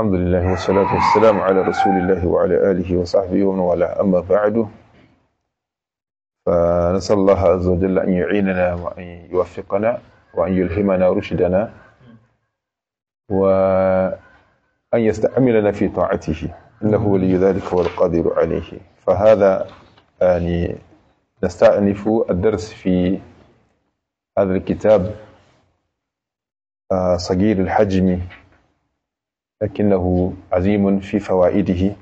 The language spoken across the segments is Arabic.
الحمد لله والصلاة والسلام على رسول الله وعلى آله وصحبه ومن والاه أما بعد فنسأل الله عز وجل أن يعيننا وأن يوفقنا وأن يلهمنا رشدنا وأن يستعملنا في طاعته إنه ولي ذلك والقادر عليه فهذا يعني نستأنف الدرس في هذا الكتاب آه، صغير الحجم لكنه عظيم في فوائده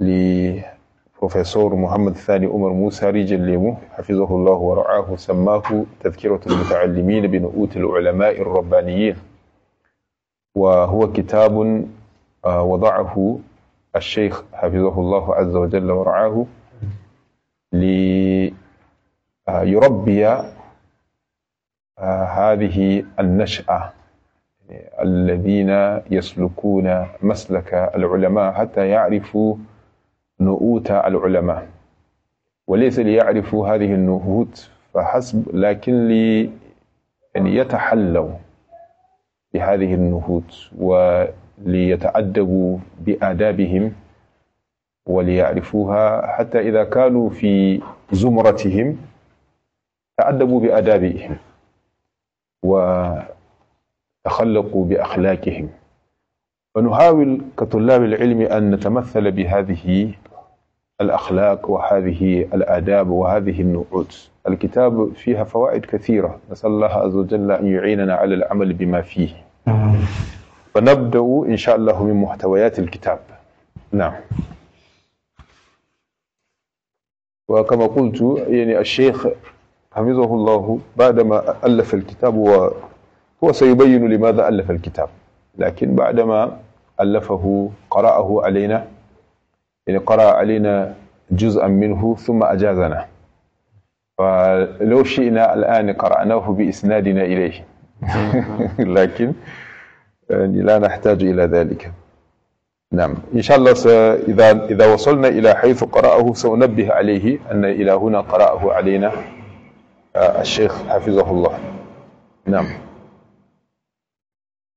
لبروفيسور محمد الثاني عمر موسى رجل ليمو حفظه الله ورعاه سماه تذكرة المتعلمين بنؤوت العلماء الربانيين وهو كتاب آه، وضعه الشيخ حفظه الله عز وجل ورعاه ليربي آه، هذه النشأة الذين يسلكون مسلك العلماء حتى يعرفوا نؤوت العلماء وليس ليعرفوا هذه النهوت فحسب لكن لي أن يتحلوا بهذه النهوت وليتأدبوا بآدابهم وليعرفوها حتى إذا كانوا في زمرتهم تأدبوا بآدابهم و تخلقوا بأخلاقهم فنحاول كطلاب العلم أن نتمثل بهذه الأخلاق وهذه الآداب وهذه النعوت الكتاب فيها فوائد كثيرة نسأل الله عز وجل أن يعيننا على العمل بما فيه فنبدأ إن شاء الله من محتويات الكتاب نعم وكما قلت يعني الشيخ حفظه الله بعدما ألف الكتاب هو سيبين لماذا ألف الكتاب لكن بعدما ألفه قرأه علينا يعني قرأ علينا جزءا منه ثم أجازنا فلو شئنا الآن قرأناه بإسنادنا إليه لكن يعني لا نحتاج إلى ذلك نعم إن شاء الله إذا إذا وصلنا إلى حيث قرأه سأنبه عليه أن إلى هنا قرأه علينا آه، الشيخ حفظه الله نعم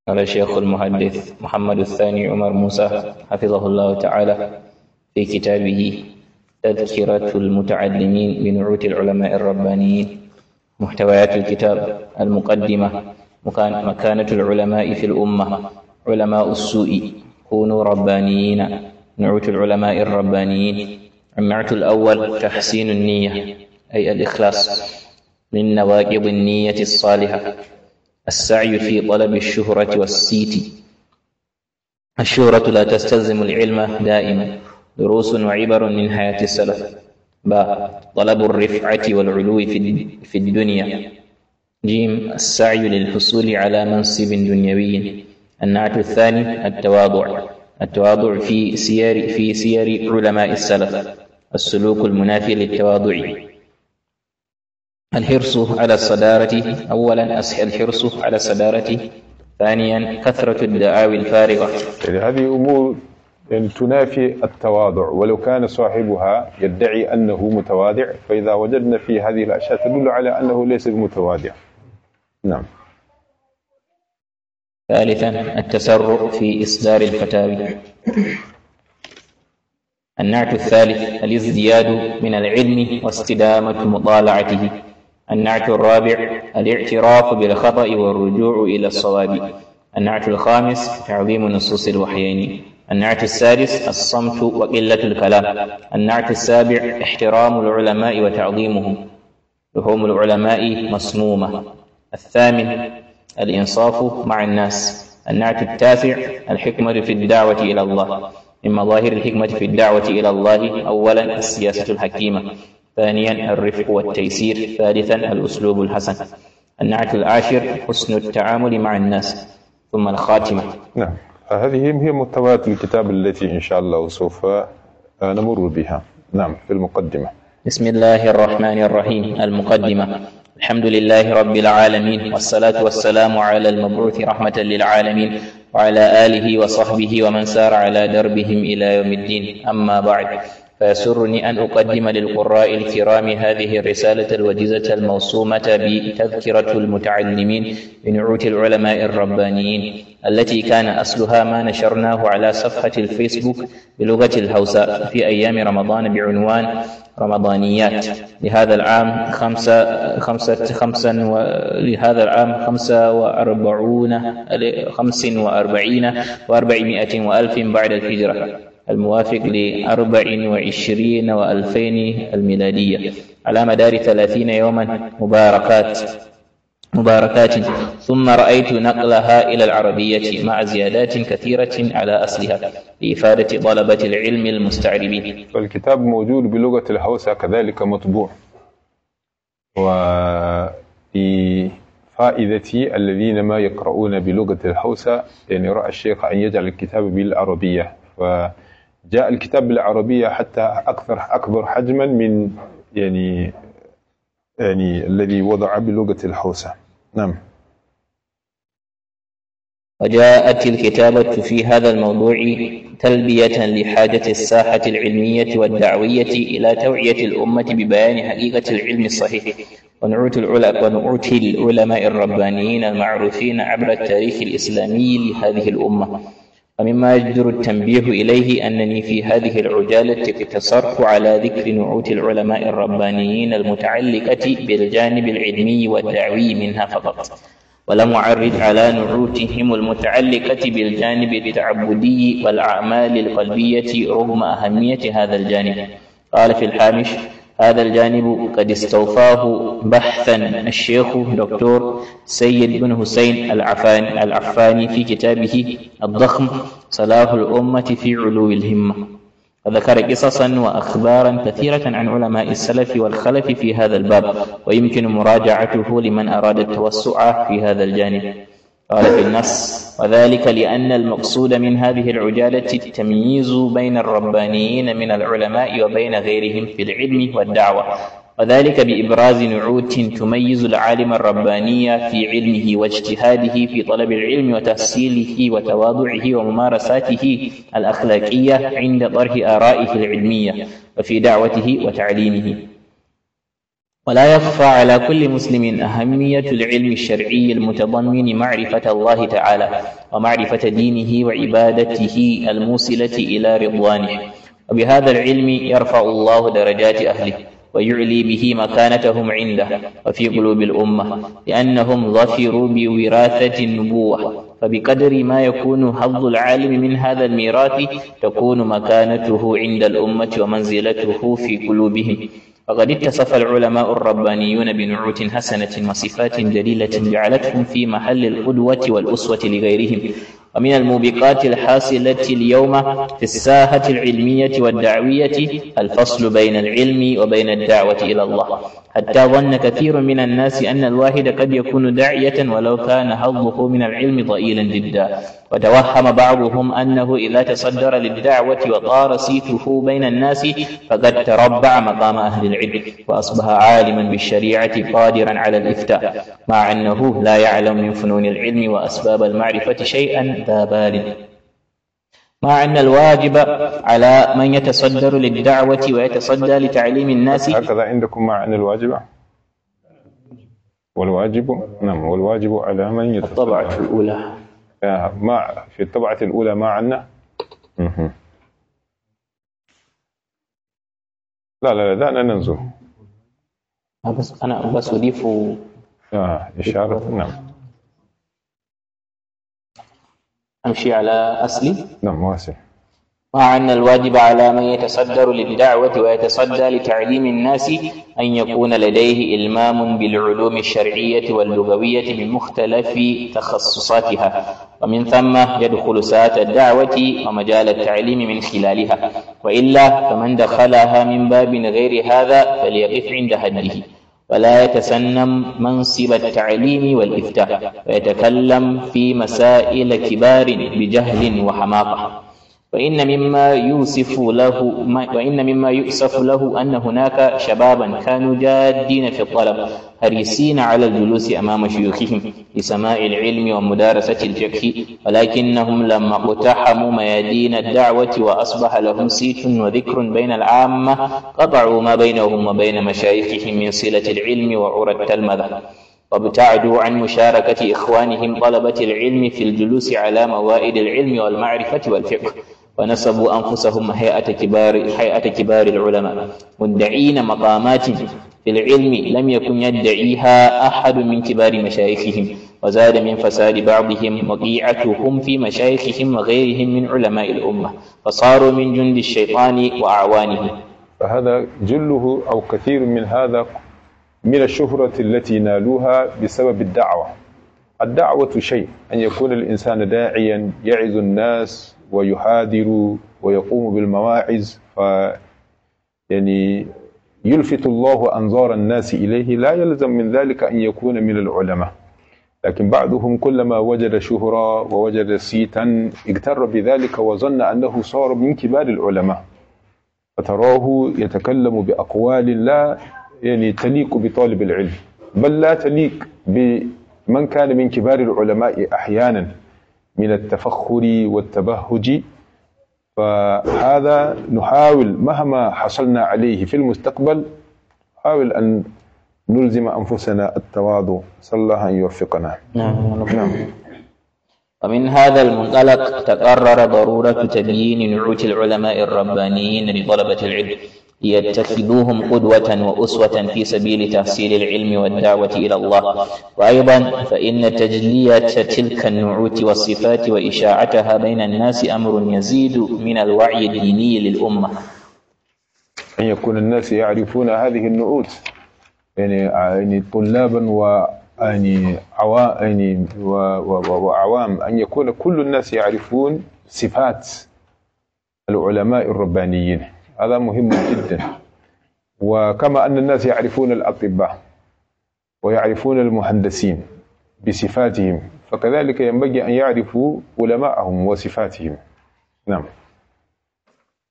على شيخ المحدث محمد الثاني عمر موسى حفظه الله تعالى في كتابه تذكرة المتعلمين بنعوت العلماء الربانيين محتويات الكتاب المقدمة مكانة العلماء في الأمة علماء السوء كونوا ربانيين نعوت العلماء الربانيين عمعت الأول تحسين النية أي الإخلاص من نواقض النية الصالحة السعي في طلب الشهرة والسيتي الشهرة لا تستلزم العلم دائما دروس وعبر من حياة السلف با طلب الرفعة والعلو في الدنيا جيم السعي للحصول على منصب دنيوي النعت الثاني التواضع التواضع في سير في سير علماء السلف السلوك المنافي للتواضع الحرص على الصدارة أولا الحرص على الصدارة ثانيا كثرة الدعاوي الفارغة يعني هذه أمور يعني تنافي التواضع ولو كان صاحبها يدعي أنه متواضع فإذا وجدنا في هذه الأشياء تدل على أنه ليس بمتواضع نعم ثالثا التسرع في إصدار الفتاوي النعت الثالث الازدياد من العلم واستدامة مطالعته النعت الرابع الاعتراف بالخطأ والرجوع إلى الصواب النعت الخامس تعظيم نصوص الوحيين النعت السادس الصمت وقلة الكلام النعت السابع احترام العلماء وتعظيمهم لحوم العلماء مسمومة الثامن الإنصاف مع الناس النعت التاسع الحكمة في الدعوة إلى الله من مظاهر الحكمة في الدعوة إلى الله أولا السياسة الحكيمة ثانيا الرفق والتيسير ثالثا الأسلوب الحسن النعت العاشر حسن التعامل مع الناس ثم الخاتمة نعم هذه هي متوات الكتاب التي إن شاء الله سوف آه، نمر بها نعم في المقدمة بسم الله الرحمن الرحيم المقدمة الحمد لله رب العالمين والصلاة والسلام على المبعوث رحمة للعالمين وعلى آله وصحبه ومن سار على دربهم إلى يوم الدين أما بعد فيسرني أن أقدم للقراء الكرام هذه الرسالة الوجيزة الموسومة بتذكرة المتعلمين بنعوت العلماء الربانيين التي كان أصلها ما نشرناه على صفحة الفيسبوك بلغة الهوساء في أيام رمضان بعنوان رمضانيات لهذا العام خمسة خمسة خمسا و... لهذا العام خمسة وأربعون خمس وأربعين وأربعمائة وألف بعد الهجرة الموافق لأربع وعشرين وألفين الميلادية على مدار ثلاثين يوما مباركات مباركات ثم رأيت نقلها إلى العربية مع زيادات كثيرة على أصلها لإفادة طلبة العلم المستعربين الكتاب موجود بلغة الهوسة كذلك مطبوع وفي فائدتي الذين ما يقرؤون بلغة الهوسة يعني رأى الشيخ أن يجعل الكتاب بالعربية ف جاء الكتاب بالعربية حتى أكثر أكبر حجما من يعني يعني الذي وضع بلغة الحوسة نعم وجاءت الكتابة في هذا الموضوع تلبية لحاجة الساحة العلمية والدعوية إلى توعية الأمة ببيان حقيقة العلم الصحيح ونعوت العلماء الربانيين المعروفين عبر التاريخ الإسلامي لهذه الأمة ومما يجدر التنبيه إليه أنني في هذه العجالة اقتصرت على ذكر نعوت العلماء الربانيين المتعلقة بالجانب العلمي والدعوي منها فقط ولم أعرض على نعوتهم المتعلقة بالجانب التعبدي والأعمال القلبية رغم أهمية هذا الجانب قال في الحامش هذا الجانب قد استوفاه بحثا الشيخ دكتور سيد بن حسين العفاني, العفاني في كتابه الضخم صلاح الأمة في علو الهمة وذكر قصصا وأخبارا كثيرة عن علماء السلف والخلف في هذا الباب ويمكن مراجعته لمن أراد التوسع في هذا الجانب قال في النص وذلك لأن المقصود من هذه العجالة التمييز بين الربانيين من العلماء وبين غيرهم في العلم والدعوة وذلك بإبراز نعوت تميز العالم الرباني في علمه واجتهاده في طلب العلم وتحصيله وتواضعه وممارساته الأخلاقية عند طرح آرائه العلمية وفي دعوته وتعليمه ولا يخفى على كل مسلم أهمية العلم الشرعي المتضمن معرفة الله تعالى ومعرفة دينه وعبادته الموصلة إلى رضوانه وبهذا العلم يرفع الله درجات أهله ويعلي به مكانتهم عنده وفي قلوب الأمة لأنهم ظفروا بوراثة النبوة فبقدر ما يكون حظ العالم من هذا الميراث تكون مكانته عند الأمة ومنزلته في قلوبهم فقد اتصف العلماء الربانيون بنعوت حسنة وصفات جليلة جعلتهم في محل القدوة والأسوة لغيرهم ومن الموبقات الحاصلة اليوم في الساحة العلمية والدعوية الفصل بين العلم وبين الدعوة إلى الله حتى ظن كثير من الناس أن الواحد قد يكون داعية ولو كان حظه من العلم ضئيلا جدا وتوهم بعضهم أنه إذا تصدر للدعوة وطار سيفه بين الناس فقد تربع مقام أهل العلم وأصبح عالما بالشريعة قادرا على الإفتاء مع أنه لا يعلم من فنون العلم وأسباب المعرفة شيئا ذا بال مع أن الواجب على من يتصدر للدعوة ويتصدى لتعليم الناس هكذا عندكم مع أن الواجب والواجب نعم والواجب على من يتصدر الطبعة الأولى آه، مع في الطبعة الأولى ما عنا لا لا لا دعنا ننزل بس أنا بس أضيف آه إشارة نعم أمشي على أصلي نعم واسع مع أن الواجب على من يتصدر للدعوة ويتصدى لتعليم الناس أن يكون لديه إلمام بالعلوم الشرعية واللغوية من مختلف تخصصاتها ومن ثم يدخل ساعة الدعوة ومجال التعليم من خلالها وإلا فمن دخلها من باب غير هذا فليقف عند حده ولا يتسنم منصب التعليم والإفتاء ويتكلم في مسائل كبار بجهل وحماقة وإن مما يوصف له وإن مما يؤسف له أن هناك شبابا كانوا جادين في الطلب حريصين على الجلوس أمام شيوخهم لسماع العلم ومدارسة الفقه ولكنهم لما اقتحموا ميادين الدعوة وأصبح لهم سيف وذكر بين العامة قطعوا ما بينهم وبين مشايخهم من صلة العلم وعرى التلمذة وابتعدوا عن مشاركة إخوانهم طلبة العلم في الجلوس على موائد العلم والمعرفة والفقه ونسبوا أنفسهم هيئة كبار هيئة كبار العلماء مدعين مقامات في العلم لم يكن يدعيها أحد من كبار مشايخهم وزاد من فساد بعضهم وقيعتهم في مشايخهم وغيرهم من علماء الأمة فصاروا من جند الشيطان وأعوانه فهذا جله أو كثير من هذا من الشهرة التي نالوها بسبب الدعوة الدعوة شيء أن يكون الإنسان داعيا يعظ الناس ويحاذر ويقوم بالمواعظ ف يعني يلفت الله أنظار الناس إليه لا يلزم من ذلك أن يكون من العلماء لكن بعضهم كلما وجد شهرة ووجد صيتا اغتر بذلك وظن أنه صار من كبار العلماء فتراه يتكلم بأقوال لا يعني تليق بطالب العلم بل لا تليق بمن كان من كبار العلماء أحيانا من التفخر والتبهج فهذا نحاول مهما حصلنا عليه في المستقبل نحاول أن نلزم أنفسنا التواضع صلى الله أن يوفقنا نعم. نعم ومن هذا المنطلق تقرر ضرورة تبيين نعوت العلماء الربانيين لطلبة العلم يتخذوهم قدوة وأسوة في سبيل تحصيل العلم والدعوة إلى الله وأيضا فإن تجلية تلك النعوت والصفات وإشاعتها بين الناس أمر يزيد من الوعي الديني للأمة أن يكون الناس يعرفون هذه النعوت يعني يعني طلابا و يعني, يعني عوام وعوام أن يكون كل الناس يعرفون صفات العلماء الربانيين هذا مهم جدا وكما أن الناس يعرفون الأطباء ويعرفون المهندسين بصفاتهم فكذلك ينبغي أن يعرفوا علماءهم وصفاتهم نعم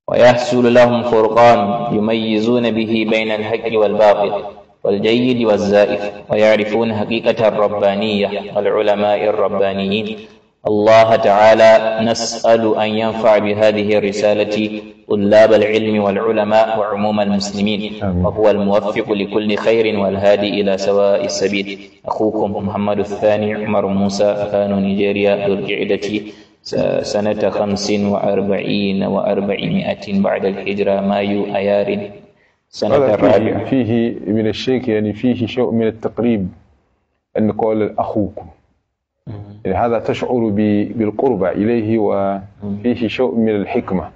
ويحصل لهم فرقان يميزون به بين الحق والباطل والجيد والزائف ويعرفون حقيقة الربانية والعلماء الربانيين الله تعالى نسأل أن ينفع بهذه الرسالة طلاب العلم والعلماء وعموم المسلمين وهو الموفق لكل خير والهادي إلى سواء السبيل أخوكم محمد الثاني عمر موسى كانوا نيجيريا ذو القعدة سنة خمس وأربعين وأربعمائة بعد الهجرة مايو أيار سنة الرابعة فيه, فيه من الشيخ يعني فيه شيء من التقريب أن نقول أخوكم يعني هذا تشعر بالقربة إليه وفيه شوء من الحكمة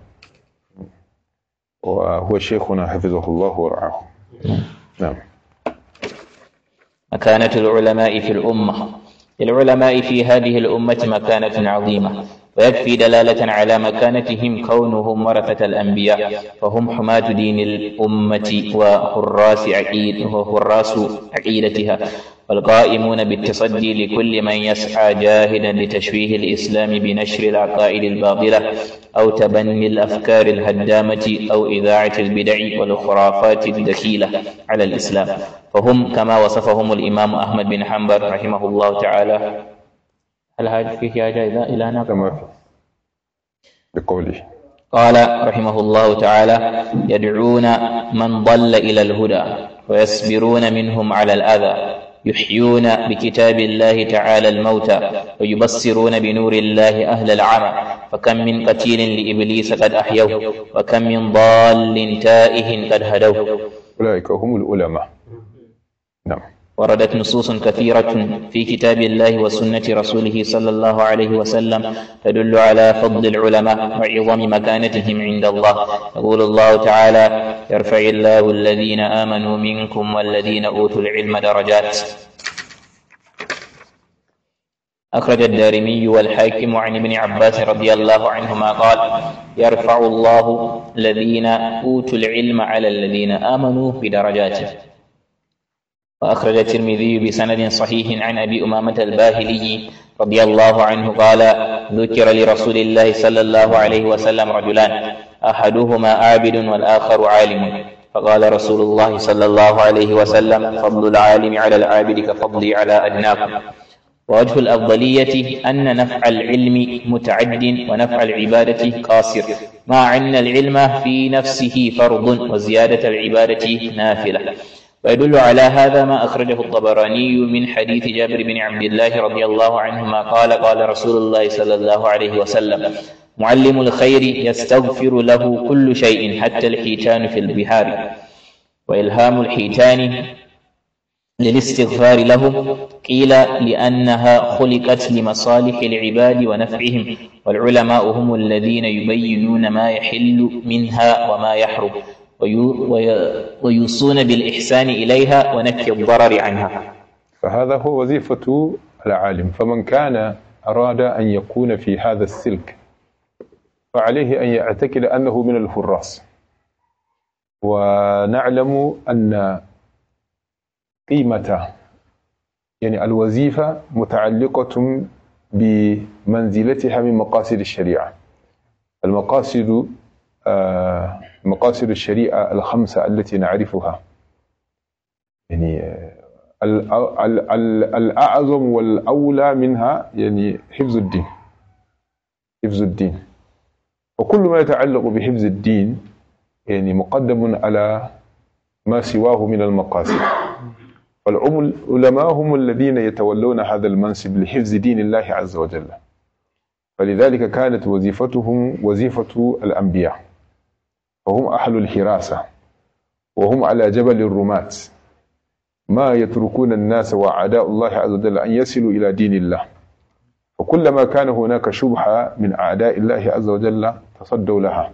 وهو شيخنا حفظه الله ورعاه نعم مكانة العلماء في الأمة العلماء في هذه الأمة مكانة عظيمة ويكفي دلالة على مكانتهم كونهم ورثة الأنبياء فهم حماة دين الأمة وحراس عقيد وحراس عقيدتها والقائمون بالتصدي لكل من يسعى جاهدا لتشويه الإسلام بنشر العقائد الباطلة أو تبني الأفكار الهدامة أو إذاعة البدع والخرافات الدخيلة على الإسلام فهم كما وصفهم الإمام أحمد بن حنبل رحمه الله تعالى هل هذا يا حاجة إلى نقل؟ كما في بقوله قال رحمه الله تعالى يدعون من ضل إلى الهدى ويصبرون منهم على الأذى يحيون بكتاب الله تعالى الموتى ويبصرون بنور الله أهل العمى فكم من قتيل لإبليس قد أحيوه وكم من ضال تائه قد هدوه أولئك هم العلماء نعم وردت نصوص كثيرة في كتاب الله وسنة رسوله صلى الله عليه وسلم تدل على فضل العلماء وعظم مكانتهم عند الله يقول الله تعالى يرفع الله الذين آمنوا منكم والذين أوتوا العلم درجات أخرج الدارمي والحاكم عن ابن عباس رضي الله عنهما قال يرفع الله الذين أوتوا العلم على الذين آمنوا بدرجاته وأخرج الترمذي بسند صحيح عن أبي أمامة الباهلي رضي الله عنه قال ذكر لرسول الله صلى الله عليه وسلم رجلان أحدهما عابد والآخر عالم فقال رسول الله صلى الله عليه وسلم فضل العالم على العابد كفضلي على أدناكم ووجه الأفضلية أن نفع العلم متعد ونفع العبادة قاصر مع أن العلم في نفسه فرض وزيادة العبادة نافلة ويدل على هذا ما أخرجه الطبراني من حديث جابر بن عبد الله رضي الله عنهما قال قال رسول الله صلى الله عليه وسلم معلم الخير يستغفر له كل شيء حتى الحيتان في البحار وإلهام الحيتان للاستغفار له قيل لأنها خلقت لمصالح العباد ونفعهم والعلماء هم الذين يبينون ما يحل منها وما يحرم ويوصون بالإحسان إليها ونفي الضرر عنها فهذا هو وظيفة العالم فمن كان أراد أن يكون في هذا السلك فعليه أن يعتقد أنه من الفراس ونعلم أن قيمة يعني الوظيفة متعلقة بمنزلتها من مقاصد الشريعة المقاصد آه، مقاصد الشريعة الخمسة التي نعرفها يعني آه، الأعظم والأولى منها يعني حفظ الدين حفظ الدين وكل ما يتعلق بحفظ الدين يعني مقدم على ما سواه من المقاصد والعلماء هم الذين يتولون هذا المنصب لحفظ دين الله عز وجل فلذلك كانت وظيفتهم وظيفة الأنبياء وهم أهل الحراسة وهم على جبل الرماة ما يتركون الناس وعداء الله عز وجل أن يصلوا إلى دين الله وكلما كان هناك شبهة من أعداء الله عز وجل تصدوا لها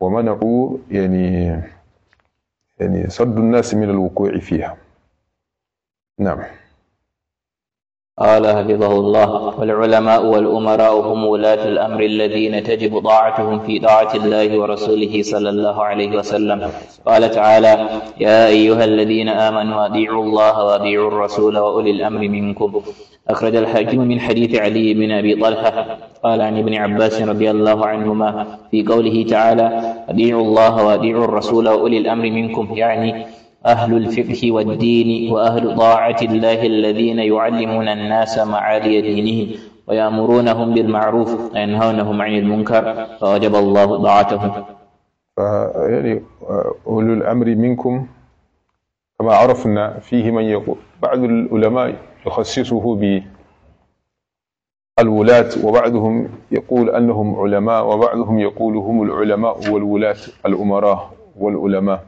ومنعوا يعني يعني صد الناس من الوقوع فيها نعم قال حفظه الله والعلماء والأمراء هم ولاة الأمر الذين تجب طاعتهم في طاعة الله ورسوله صلى الله عليه وسلم قال تعالى يا أيها الذين آمنوا أطيعوا الله وأطيعوا الرسول وأولي الأمر منكم أخرج الحاكم من حديث علي بن أبي طلحة قال عن ابن عباس رضي الله عنهما في قوله تعالى أطيعوا الله وأطيعوا الرسول وأولي الأمر منكم يعني أهل الفقه والدين وأهل طاعة الله الذين يعلمون الناس معالي دينهم ويأمرونهم بالمعروف وينهونهم عن المنكر فوجب الله طاعتهم يعني أولو الأمر منكم كما عرفنا فيه من يقول بعض العلماء يخصصه بالولاة وبعضهم يقول أنهم علماء وبعضهم يقول هم العلماء والولاة الأمراء والعلماء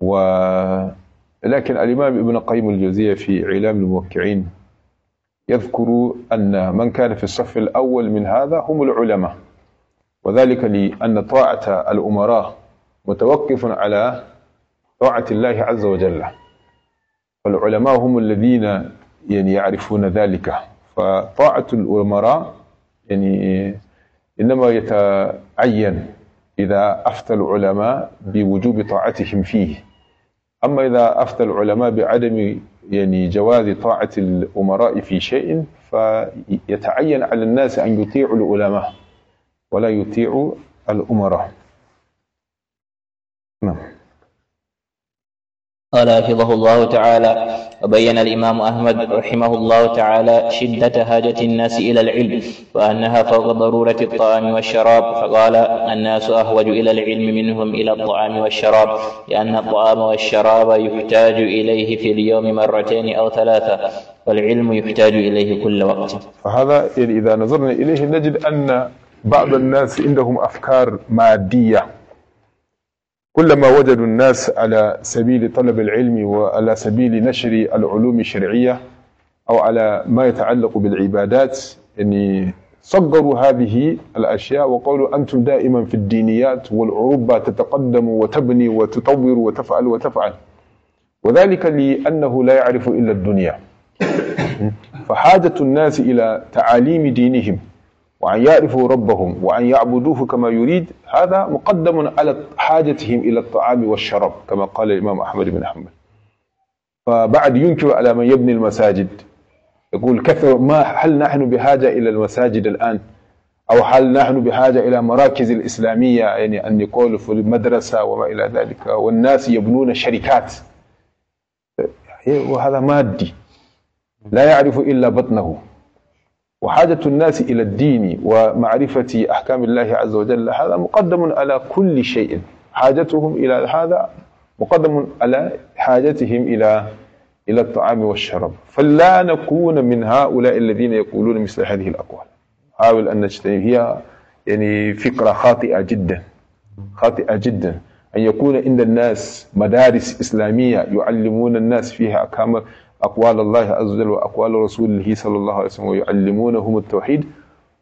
و لكن الإمام ابن قيم الجوزية في إعلام الموقعين يذكر أن من كان في الصف الأول من هذا هم العلماء وذلك لأن طاعة الأمراء متوقف على طاعة الله عز وجل فالعلماء هم الذين يعني يعرفون ذلك فطاعة الأمراء يعني إنما يتعين إذا أفتى العلماء بوجوب طاعتهم فيه أما إذا أفتى العلماء بعدم يعني جواز طاعة الأمراء في شيء فيتعين على الناس أن يطيعوا العلماء ولا يطيعوا الأمراء نعم قال حفظه الله تعالى وبين الإمام أحمد رحمه الله تعالى شدة حاجة الناس إلى العلم وأنها فوق ضرورة الطعام والشراب فقال الناس أهوج إلى العلم منهم إلى الطعام والشراب لأن الطعام والشراب يحتاج إليه في اليوم مرتين أو ثلاثة والعلم يحتاج إليه كل وقت فهذا يعني إذا نظرنا إليه نجد أن بعض الناس عندهم أفكار مادية كلما وجدوا الناس على سبيل طلب العلم وعلى سبيل نشر العلوم الشرعية أو على ما يتعلق بالعبادات يعني صغروا هذه الأشياء وقالوا أنتم دائما في الدينيات والعروبة تتقدم وتبني وتطور وتفعل وتفعل وذلك لأنه لا يعرف إلا الدنيا فحاجة الناس إلى تعاليم دينهم وأن يعرفوا ربهم وأن يعبدوه كما يريد هذا مقدم على حاجتهم إلى الطعام والشراب كما قال الإمام أحمد بن حنبل فبعد ينكر على من يبني المساجد يقول كثر ما هل نحن بحاجة إلى المساجد الآن أو هل نحن بحاجة إلى مراكز الإسلامية يعني أن يقول في المدرسة وما إلى ذلك والناس يبنون شركات وهذا مادي لا يعرف إلا بطنه وحاجة الناس إلى الدين ومعرفة أحكام الله عز وجل هذا مقدم على كل شيء حاجتهم إلى هذا مقدم على حاجتهم إلى إلى الطعام والشراب فلا نكون من هؤلاء الذين يقولون مثل هذه الأقوال حاول أن نجتنب هي يعني فكرة خاطئة جدا خاطئة جدا أن يكون عند الناس مدارس إسلامية يعلمون الناس فيها أحكام أقوال الله عز وجل وأقوال رسوله صلى الله عليه وسلم ويعلمونهم التوحيد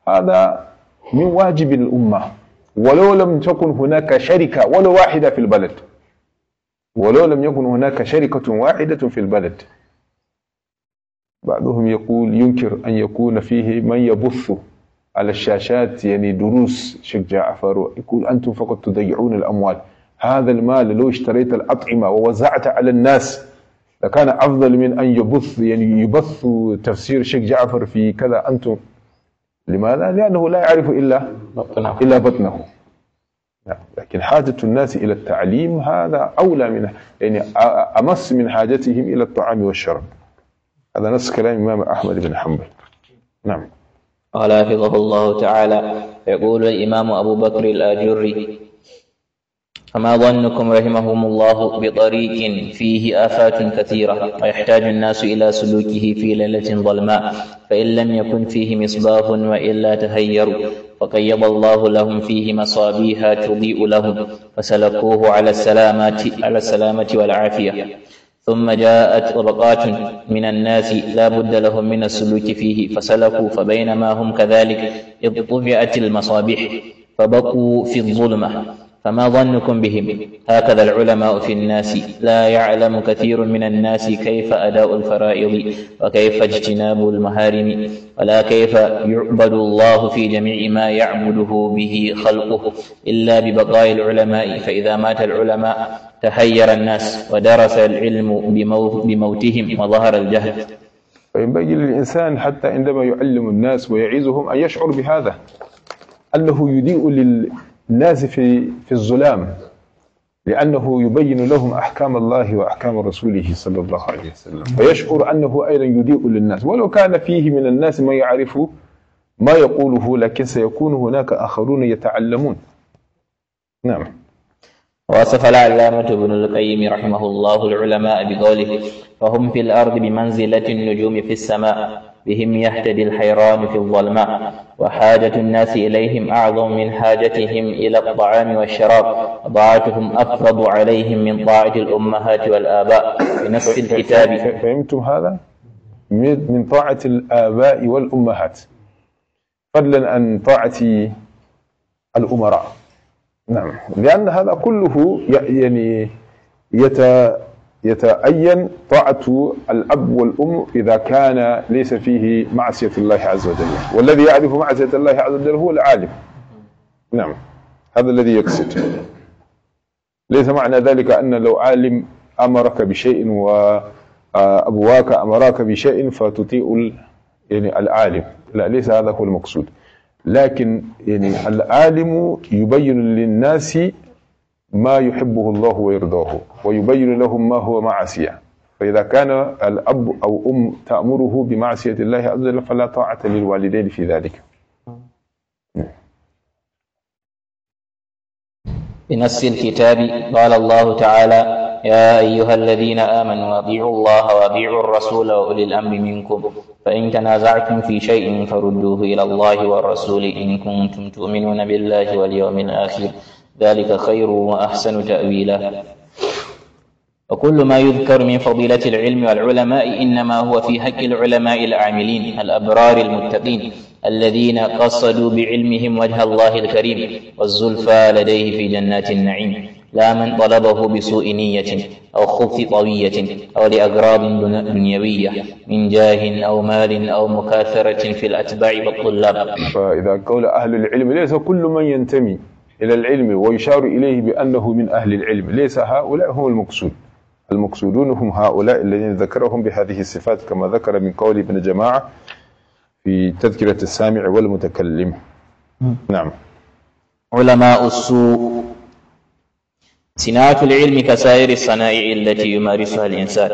هذا من واجب الأمة ولو لم تكن هناك شركة ولا واحدة في البلد ولو لم يكن هناك شركة واحدة في البلد بعضهم يقول ينكر أن يكون فيه من يبث على الشاشات يعني دروس شيخ جعفر يقول أنتم فقط تضيعون الأموال هذا المال لو اشتريت الأطعمة ووزعت على الناس لكان أفضل من أن يبث يعني يبث تفسير شيخ جعفر في كذا أنتم لماذا؟ لأنه لا يعرف إلا بطنه إلا بطنه نعم، لكن حاجة الناس إلى التعليم هذا أولى من يعني أمس من حاجتهم إلى الطعام والشراب هذا نفس كلام الإمام أحمد بن حنبل نعم قال حفظه الله تعالى يقول الإمام أبو بكر الآجري فما ظنكم رحمهم الله بطريق فيه آفات كثيرة ويحتاج الناس إلى سلوكه في ليلة ظلماء فإن لم يكن فيه مصباح وإلا تهيروا وقيض الله لهم فيه مصابيها تضيء لهم فسلكوه على السلامة على السلامة والعافية ثم جاءت طبقات من الناس لا بد لهم من السلوك فيه فسلكوا فبينما هم كذلك اضطبعت المصابيح فبقوا في الظلمة فما ظنكم بهم هكذا العلماء في الناس لا يعلم كثير من الناس كيف أداء الفرائض وكيف اجتناب المهارم ولا كيف يعبد الله في جميع ما يعبده به خلقه إلا ببقاء العلماء فإذا مات العلماء تحير الناس ودرس العلم بموتهم وظهر الجهل فينبغي للإنسان حتى عندما يعلم الناس ويعيزهم أن يشعر بهذا أنه يديء لل... النازف في الظلام لأنه يبين لهم أحكام الله وأحكام رسوله صلى الله عليه وسلم فيشعر أنه أيضا يضيء للناس ولو كان فيه من الناس ما يعرف ما يقوله لكن سيكون هناك آخرون يتعلمون نعم وصف العلامة ابن القيم رحمه الله العلماء بقوله فهم في الأرض بمنزلة النجوم في السماء بهم يهتدي الحيران في الظلماء وحاجة الناس إليهم أعظم من حاجتهم إلى الطعام والشراب طاعتهم أفرض عليهم من طاعة الأمهات والآباء بنفس الكتاب فهمتم هذا؟ من طاعة الآباء والأمهات فضلا عن طاعة الأمراء نعم لأن هذا كله يعني يت يتأين طاعة الأب والأم إذا كان ليس فيه معصية الله عز وجل والذي يعرف معصية الله عز وجل هو العالم نعم هذا الذي يقصد ليس معنى ذلك أن لو عالم أمرك بشيء وأبواك آه، أمراك بشيء فتطيع يعني العالم لا ليس هذا هو المقصود لكن يعني العالم يبين للناس ما يحبه الله ويرضاه ويبين لهم ما هو معصية فإذا كان الأب أو أم تأمره بمعصية الله عز وجل فلا طاعة للوالدين في ذلك بنص الكتاب قال الله تعالى يا أيها الذين آمنوا أطيعوا الله وأطيعوا الرسول وأولي الأمر منكم فإن تنازعتم في شيء فردوه إلى الله والرسول إن كنتم تؤمنون بالله واليوم الآخر ذلك خير وأحسن تأويلا وكل ما يذكر من فضيلة العلم والعلماء إنما هو في حق العلماء العاملين الأبرار المتقين الذين قصدوا بعلمهم وجه الله الكريم والزلفى لديه في جنات النعيم لا من طلبه بسوء نية أو خبث طوية أو لأغراض دنيوية من جاه أو مال أو مكاثرة في الأتباع والطلاب فإذا قول أهل العلم ليس كل من ينتمي إلى العلم ويشار إليه بأنه من أهل العلم ليس هؤلاء هم المقصود المقصودون هم هؤلاء الذين ذكرهم بهذه الصفات كما ذكر من قول ابن جماعة في تذكرة السامع والمتكلم م. نعم علماء السوء صناعة العلم كسائر الصنائع التي يمارسها الإنسان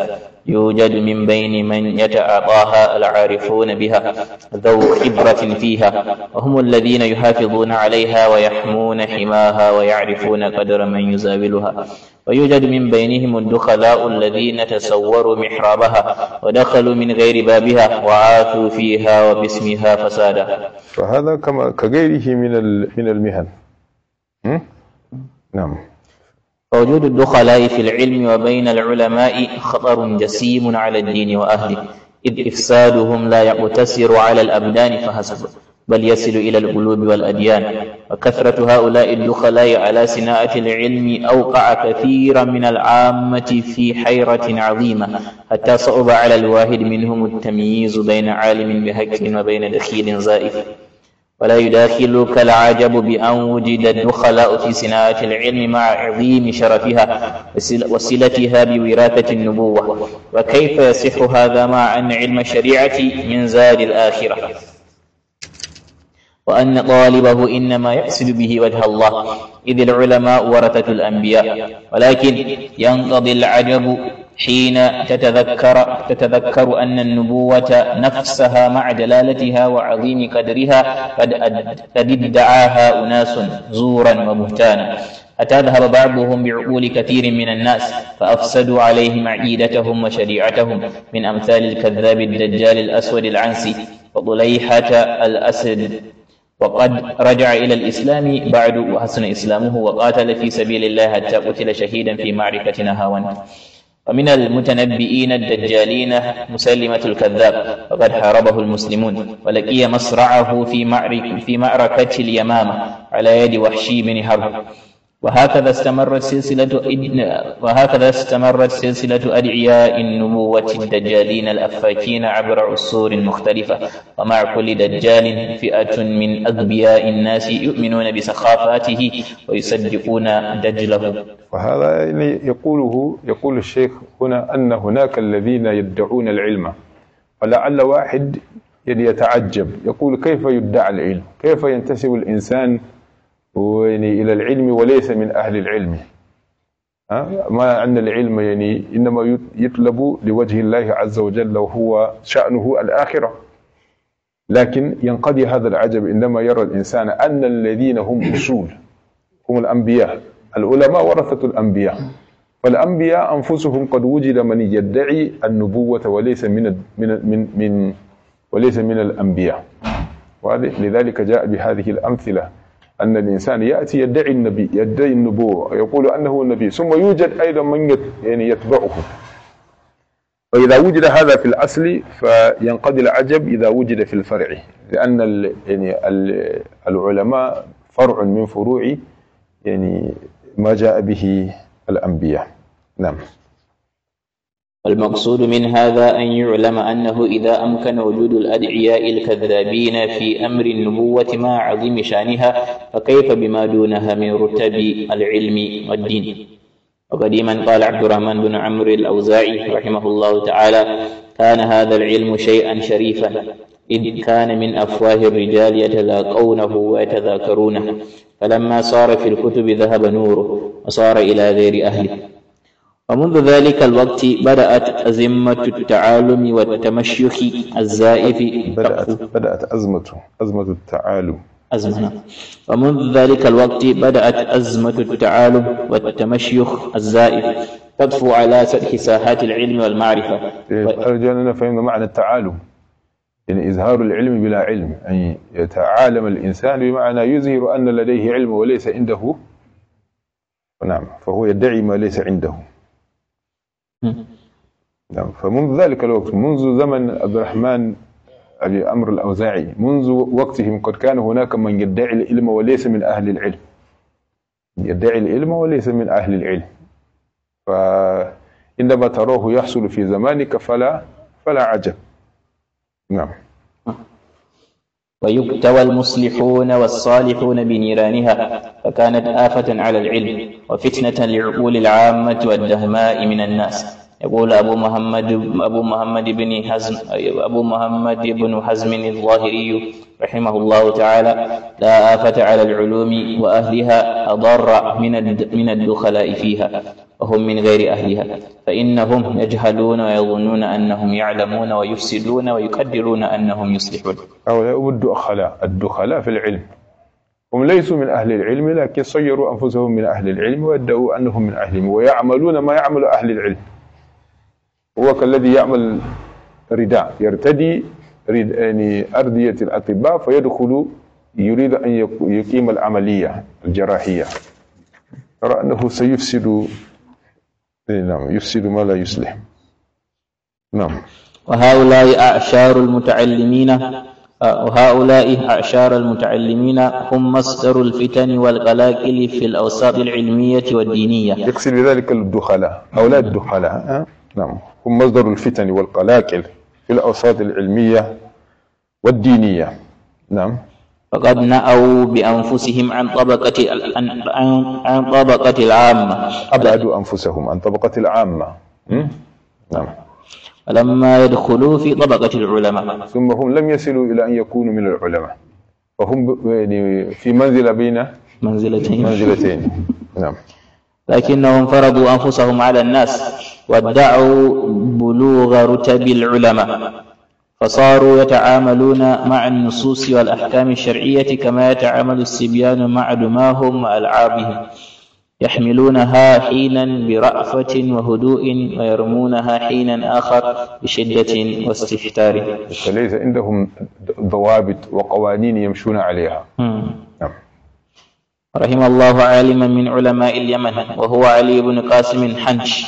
يوجد من بين من يتعاطاها العارفون بها ذو خبرة فيها وهم الذين يحافظون عليها ويحمون حماها ويعرفون قدر من يزاولها ويوجد من بينهم الدخلاء الذين تسوروا محرابها ودخلوا من غير بابها وعاثوا فيها وباسمها فسادا فهذا كما كغيره من من المهن نعم فوجود الدخلاء في العلم وبين العلماء خطر جسيم على الدين وأهله إذ إفسادهم لا يقتصر على الأبدان فحسب بل يصل إلى القلوب والأديان وكثرة هؤلاء الدخلاء على صناعة العلم أوقع كثيرا من العامة في حيرة عظيمة حتى صعب على الواحد منهم التمييز بين عالم بحق وبين دخيل زائف ولا يداخلك العجب بأن وجد الدخلاء في صناعة العلم مع عظيم شرفها وصلتها بوراثة النبوة وكيف يصح هذا مع أن علم الشريعة من زاد الآخرة وأن طالبه إنما يقصد به وجه الله إذ العلماء ورثة الأنبياء ولكن ينقضي العجب حين تتذكر تتذكر أن النبوة نفسها مع دلالتها وعظيم قدرها قد قد ادعاها أناس زورا وبهتانا أتذهب بعضهم بعقول كثير من الناس فأفسدوا عليهم عقيدتهم وشريعتهم من أمثال الكذاب الدجال الأسود العنسي وضليحة الأسد وقد رجع إلى الإسلام بعد وحسن إسلامه وقاتل في سبيل الله حتى قتل شهيدا في معركة نهاوند ومن المتنبئين الدجالين مسلمة الكذاب وقد حاربه المسلمون ولقي مصرعه في معركة, في معركة اليمامة على يد وحشي بن حرب وهكذا استمرت سلسلة وهكذا استمرت سلسلة أدعياء النبوة الدجالين الأفاكين عبر عصور مختلفة ومع كل دجال فئة من أغبياء الناس يؤمنون بسخافاته ويصدقون دجله وهذا يعني يقوله يقول الشيخ هنا أن هناك الذين يدعون العلم ولعل واحد يعني يتعجب يقول كيف يدعى العلم كيف ينتسب الإنسان يعني إلى العلم وليس من أهل العلم ما أن العلم يعني إنما يطلب لوجه الله عز وجل وهو شأنه الآخرة لكن ينقضي هذا العجب عندما يرى الإنسان أن الذين هم أصول هم الأنبياء العلماء ورثة الأنبياء فالأنبياء أنفسهم قد وجد من يدعي النبوة وليس من من من, من وليس من الأنبياء لذلك جاء بهذه الأمثلة أن الإنسان يأتي يدعي النبي يدعي النبوة يقول أنه النبي ثم يوجد أيضا من يعني يتبعه فإذا وجد هذا في الأصل فينقضي العجب إذا وجد في الفرع لأن يعني العلماء فرع من فروع يعني ما جاء به الأنبياء نعم والمقصود من هذا أن يعلم أنه إذا أمكن وجود الأدعياء الكذابين في أمر النبوة مع عظيم شانها فكيف بما دونها من رتب العلم والدين وقديما قال عبد الرحمن بن عمرو الأوزاعي رحمه الله تعالى كان هذا العلم شيئا شريفا إذ كان من أفواه الرجال يتلاقونه ويتذاكرونه فلما صار في الكتب ذهب نوره وصار إلى غير أهله ومنذ ذلك الوقت بدأت أزمة التعالم والتمشيخ الزائف بدأت, بدأت أزمة أزمة التعالم أزمة ومنذ ذلك الوقت بدأت أزمة التعالم والتمشيخ الزائف تدفو على سطح ساحات العلم والمعرفة إيه، أرجو أن نفهم معنى التعالم يعني إظهار العلم بلا علم أن يعني يتعالم الإنسان بمعنى يظهر أن لديه علم وليس عنده نعم فهو يدعي ما ليس عنده نعم فمنذ ذلك الوقت منذ زمن عبد الرحمن الأمر الأوزاعي منذ وقتهم قد كان هناك من يدعي العلم وليس من أهل العلم يدعي العلم وليس من أهل العلم فعندما تراه يحصل في زمانك فلا فلا عجب نعم ويكتوى المصلحون والصالحون بنيرانها فكانت آفة على العلم وفتنة لعقول العامة والدهماء من الناس يقول أبو محمد أبو محمد بن حزم أيوة، أبو محمد بن حزم الظاهري رحمه الله تعالى لا آفة على العلوم وأهلها أضر من من الدخلاء فيها وهم من غير أهلها فإنهم يجهلون ويظنون أنهم يعلمون ويفسدون ويقدرون أنهم يصلحون أو الدخلاء الدخلاء في العلم هم ليسوا من أهل العلم لكن صيروا أنفسهم من أهل العلم وادعوا أنهم من أهلهم ويعملون ما يعمل أهل العلم هو كالذي يعمل رداء يرتدي يعني أرضية الأطباء فيدخل يريد أن يقيم العملية الجراحية ترى أنه سيفسد إيه، نعم يفسد ما لا يصلح نعم وهؤلاء أعشار المتعلمين آه، وهؤلاء أعشار المتعلمين هم مصدر الفتن والقلاقل في الأوساط العلمية والدينية يقصد بذلك الدخلاء هؤلاء الدخلاء آه. نعم هم مصدر الفتن والقلاقل في الأوساط العلمية والدينية نعم فقد نأوا بأنفسهم عن طبقة عن طبقة العامة أبعدوا أنفسهم عن طبقة العامة نعم فلما يدخلوا في طبقة العلماء ثم هم لم يصلوا إلى أن يكونوا من العلماء فهم يعني في منزلة بين منزلتين منزلتين نعم لكنهم فرضوا أنفسهم على الناس وادعوا بلوغ رتب العلماء فصاروا يتعاملون مع النصوص والأحكام الشرعية كما يتعامل الصبيان مع دماهم وألعابهم يحملونها حينا برأفة وهدوء ويرمونها حينا آخر بشدة واستهتار ليس عندهم ضوابط وقوانين يمشون عليها نعم رحم الله عالما من علماء اليمن وهو علي بن قاسم حنش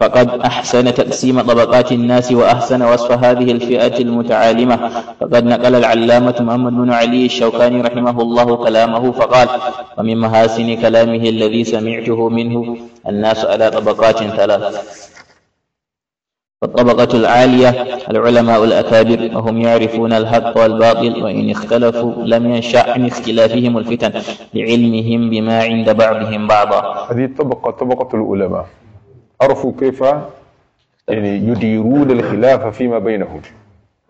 فقد أحسن تقسيم طبقات الناس وأحسن وصف هذه الفئة المتعالمة فقد نقل العلامة محمد بن علي الشوكاني رحمه الله كلامه فقال ومن محاسن كلامه الذي سمعته منه الناس على طبقات ثلاث فالطبقة العالية العلماء الأكابر وهم يعرفون الحق والباطل وإن اختلفوا لم ينشأ عن اختلافهم الفتن لعلمهم بما عند بعضهم بعضا هذه الطبقة طبقة العلماء عرفوا كيف يعني يديرون الخلاف فيما بينهم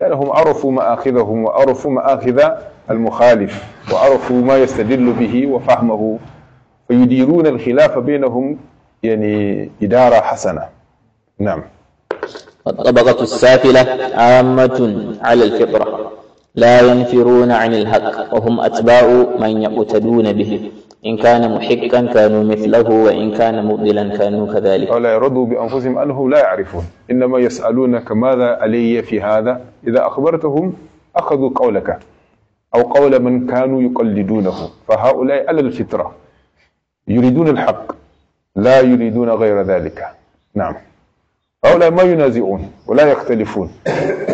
لأنهم يعني عرفوا مآخذهم وعرفوا مآخذ المخالف وعرفوا ما يستدل به وفهمه فيديرون الخلاف بينهم يعني إدارة حسنة نعم والطبقة السافلة عامة على الفطرة لا ينفرون عن الحق وهم أتباع من يقتدون به إن كان محقا كانوا مثله وإن كان مؤذلا كانوا كذلك ولا يرضوا بأنفسهم أنهم لا يعرفون إنما يسألونك ماذا علي في هذا إذا أخبرتهم أخذوا قولك أو قول من كانوا يقلدونه فهؤلاء على الفطرة يريدون الحق لا يريدون غير ذلك نعم هؤلاء ما ينازعون ولا يختلفون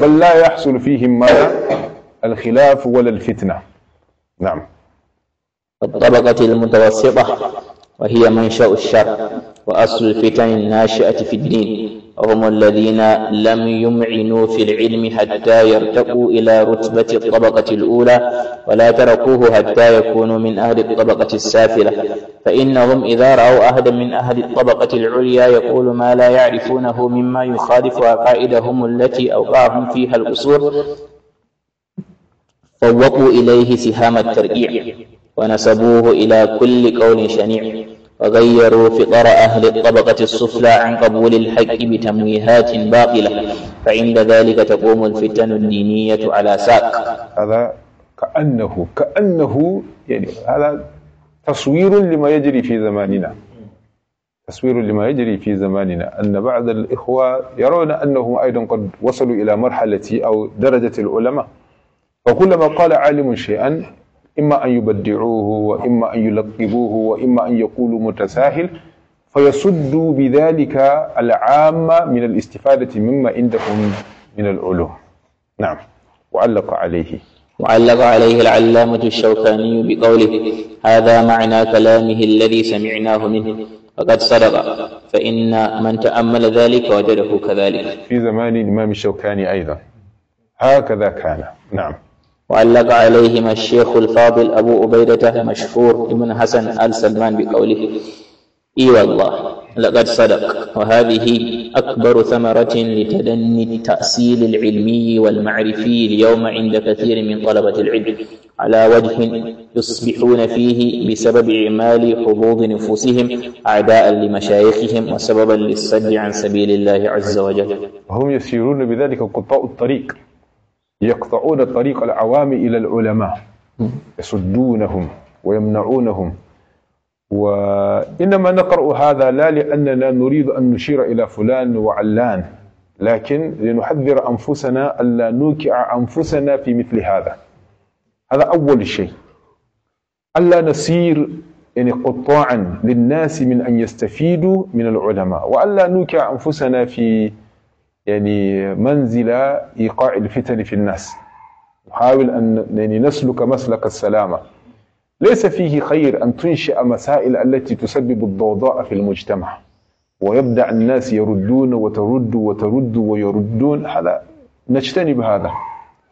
بل لا يحصل فيهم ما الخلاف ولا الفتنة نعم الطبقة المتوسطة وهي منشأ الشر وأصل الفتن الناشئة في الدين هم الذين لم يمعنوا في العلم حتى يرتقوا إلى رتبة الطبقة الأولى ولا تركوه حتى يكونوا من أهل الطبقة السافلة فإنهم إذا رأوا أحدا من أهل الطبقة العليا يقول ما لا يعرفونه مما يخالف عقائدهم التي أوقعهم فيها القصور فوقوا إليه سهام الترقيع ونسبوه إلى كل قول شنيع وغيروا فقر أهل الطبقة السفلى عن قبول الحق بتمويهات باطلة فعند ذلك تقوم الفتن الدينية على ساق هذا كأنه كأنه يعني هذا تصوير لما يجري في زماننا تصوير لما يجري في زماننا أن بعض الإخوة يرون أنهم أيضا قد وصلوا إلى مرحلة أو درجة العلماء وكلما قال عالم شيئا إما أن يبدعوه وإما أن يلقبوه وإما أن يقولوا متساهل فيصدوا بذلك العامة من الاستفادة مما عندهم من العلوم نعم وعلق عليه وعلق عليه العلامة الشوكاني بقوله هذا معنى كلامه الذي سمعناه منه وقد صدق فإن من تأمل ذلك وجده كذلك في زمان الإمام الشوكاني أيضا هكذا كان نعم وعلق عليهما الشيخ الفاضل أبو عبيدة مشهور ابن حسن آل سلمان بقوله إي والله لقد صدق وهذه أكبر ثمرة لتدني التأصيل العلمي والمعرفي اليوم عند كثير من طلبة العلم على وجه يصبحون فيه بسبب إعمال حظوظ نفوسهم أعداء لمشايخهم وسببا للصد عن سبيل الله عز وجل وهم يسيرون بذلك قطاع الطريق يقطعون طريق العوام إلى العلماء يصدونهم ويمنعونهم وإنما نقرأ هذا لا لأننا نريد أن نشير إلى فلان وعلان لكن لنحذر أنفسنا ألا نوقع أنفسنا في مثل هذا هذا أول شيء ألا نسير يعني قطاعا للناس من أن يستفيدوا من العلماء وألا نوقع أنفسنا في يعني منزل إيقاع الفتن في الناس نحاول أن يعني نسلك مسلك السلامة ليس فيه خير أن تنشئ مسائل التي تسبب الضوضاء في المجتمع ويبدأ الناس يردون وترد وترد ويردون هذا نجتنب هذا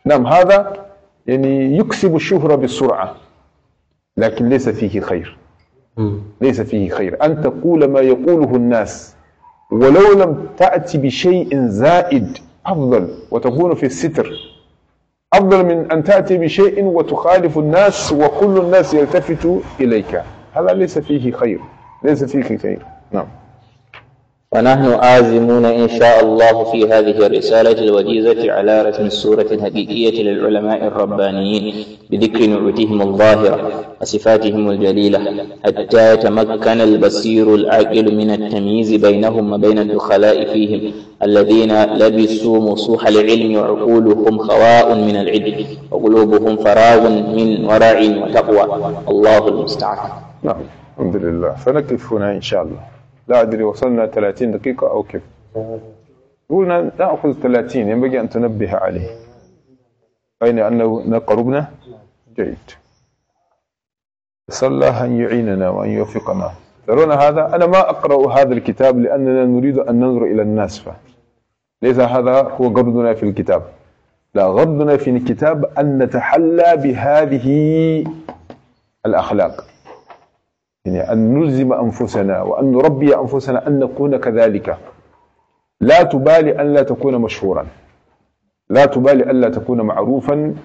نعم هذا يعني يكسب الشهرة بسرعة لكن ليس فيه خير ليس فيه خير أن تقول ما يقوله الناس ولو لم تأتي بشيء زائد أفضل وتكون في الستر أفضل من أن تأتي بشيء وتخالف الناس وكل الناس يلتفت إليك هذا ليس فيه خير ليس فيه خير نعم ونحن آزمون إن شاء الله في هذه الرسالة الوجيزة على رسم السورة الحقيقية للعلماء الربانيين بذكر نعوتهم الظاهرة وصفاتهم الجليلة حتى يتمكن البصير العاقل من التمييز بينهم وبين الدخلاء فيهم الذين لبسوا مصوح العلم وعقولهم خواء من العلم وقلوبهم فراغ من ورع وتقوى الله المستعان نعم الحمد لله فنكف هنا إن شاء الله لا أدري وصلنا 30 دقيقة أو كيف قلنا نأخذ 30 ينبغي أن تنبه عليه أين أننا قربنا جيد صلى الله أن يعيننا وأن يوفقنا ترون هذا أنا ما أقرأ هذا الكتاب لأننا نريد أن ننظر إلى الناس فه. ليس هذا هو غرضنا في الكتاب لا غرضنا في الكتاب أن نتحلى بهذه الأخلاق يعني أن نلزم أنفسنا وأن نربي أنفسنا أن نكون كذلك لا تبالي أن لا تكون مشهورا لا تبالي أن لا تكون معروفا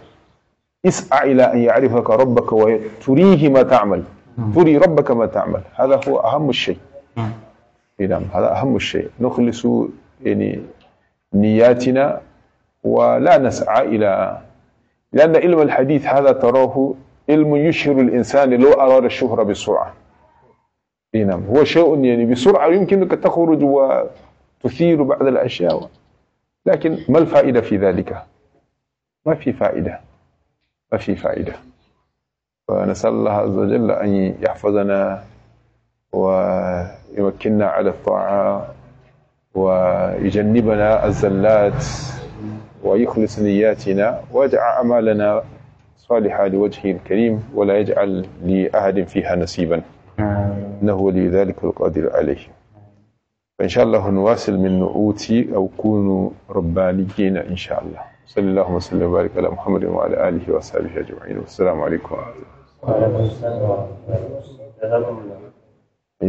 اسعى إلى أن يعرفك ربك وتريه ما تعمل نعم. تري ربك ما تعمل هذا هو أهم الشيء نعم. إيه نعم هذا أهم الشيء نخلص يعني نياتنا ولا نسعى إلى لأن علم الحديث هذا تراه علم يشهر الإنسان لو أراد الشهرة بسرعة اي نعم هو شيء يعني بسرعة يمكنك تخرج وتثير بعض الأشياء لكن ما الفائدة في ذلك ما في فائدة ما في فائدة فنسأل الله عز وجل أن يحفظنا ويمكننا على الطاعة ويجنبنا الزلات ويخلص نياتنا ويجعل أعمالنا صالحة لوجهه الكريم ولا يجعل لأحد فيها نسيبا إنه ولي ذلك والقادر عليه فإن شاء الله نواصل من نعوتي أو كونوا ربانيين إن شاء الله صلى الله وسلم وبارك على محمد وعلى آله وصحبه أجمعين والسلام عليكم ورحمة الله وبركاته